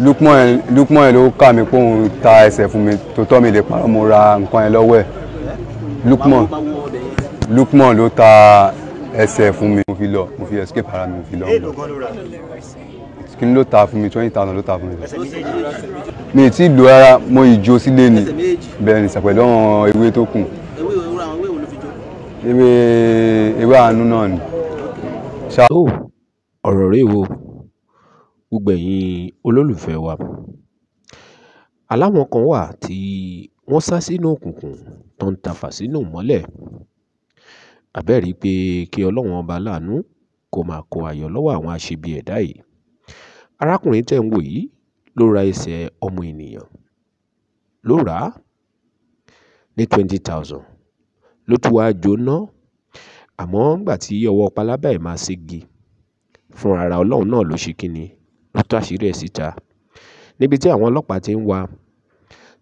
Lukman yẹn ló kà mí pé òun ta ẹsẹ̀ fún mi tó tọ́ mi lè parọ́ mo ra nǹkan yẹn lọ́wọ́ ẹ̀ Lukman Lukman ló ta ẹsẹ̀ fún mi mo fi lọ mo fi escape ara mi mo fi lọ kí ni ló ta fún mi twenty thousand ló ta fún mi. mi ì tí ì lò rárá mo ìjó sílé ni bẹ́ẹ̀ ni sàpẹ̀lú àwọn ewé tó kù ewé ewé àánú náà ni. ó oh, ọ̀rọ̀ rèé wo gbogbo ẹ̀yin olólùfẹ́ wa aláwọn kan wà tí wọ́n sá sínú òkùnkùn tó ń tafà sínú ìmọ́lẹ̀ abẹ́rí pé kí ọlọ́run ọba láàánú kó máa kó ayọ̀ lọ́wọ́ àwọn aṣebi ẹ̀dá yìí arákùnrin tẹ̀ ń wò yìí ló ra ẹsẹ̀ ọmọ ènìyàn ló rà á ní twenty thousand ló tún wáá jóná àmọ́ ńgbà tí ọwọ́ pálábá ẹ̀ máa ségi fúnra ara ọlọ́run náà ló ṣe kínni ló tú àṣírí ẹ̀ síta níbi tí àwọn ọlọ́pàá ti ń wá a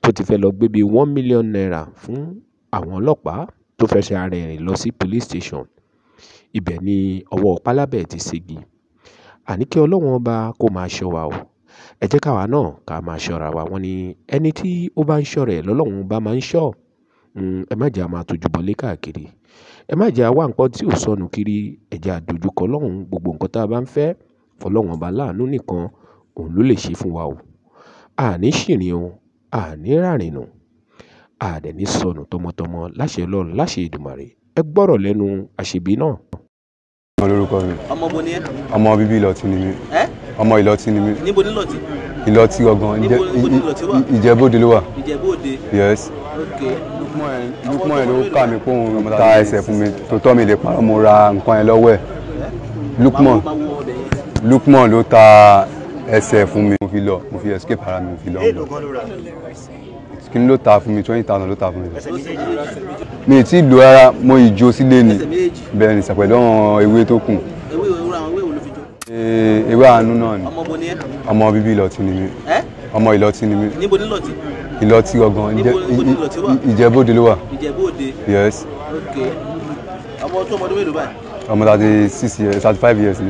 tó ti fẹ́ẹ́ lọ́ọ́ gbé bíi one million naira fún àwọn ọlọ́pàá tó fẹsẹ̀ ara ẹ̀ rìn lọ sí police station ibẹ̀ ni ọwọ́ pálábẹ̀ ti ségi àní kí ọlọ́run ọba kó máa ṣọ́ wa o ẹ jẹ́ káwa náà ká máa ṣọ́ra wa wọ́n ní ẹni tí ó bá ń ṣọ́ rẹ̀ lọ́lọ́run ọba máa ń ṣọ́ hmm, ẹ má jẹ́ a máa tójú bọlé káàkiri ẹ má jẹ́ a wá nǹkan tí ò sọnù kiri ẹ jẹ́ a dojúkọ ọlọ́run gbogbo nǹkan tá a bá ń fẹ́ ọlọ́run ọba láàánú nìkan òun ló lè ṣe fún wa o àní ṣìrìn o àní rárìnù àdẹ̀ní sọnù tọmọtọmọ láṣẹ ọlọ́run láṣẹ ìdùmàrè ẹ gbọ́rọ̀ lẹ́nu àṣebí náà. ọmọ lórúkọ mi ọmọ bo ni ẹ. ọmọ bíbí ìlọtí ni mi ọmọ ìlọtí ni mi. níbo nílọtí. ìlọtí gangan ìjẹ́bóde ló wà. ìjẹ́bóde. yes. ok lukman yẹn ló kà mí pé òun ta ẹsẹ̀ fún mi tó tọ́ mi lè parọ́ mo ra nǹkan yẹn lọ́wọ́ ẹ̀ lukman. Lukman ló ta ẹsẹ̀ fún mi mo fi lọ mo fi escape ara mi mo fi lọ. èèlò kan ló ra. kí ni ló ta fún mi twenty thousand ló ta fún mi. ẹsẹ̀ méjèèjì mi ti lò rárá mo ìjó sílé ni bẹ́ẹ̀ ni sàpẹ̀lẹ́ ọ̀hún ewé tó kù. ewé òwúrọ̀ àwọn ewé olùfijọ́. ewé àánú náà ni ọmọ bíbí Ìlọtí ni mí ọmọ Ìlọtí ni mí. Ìlọtí. Ìlọtí gangan ló wà. yes. ok ọmọ tó ọmọ ọdún mélòó báyìí. ọmọ thirty six years thirty five years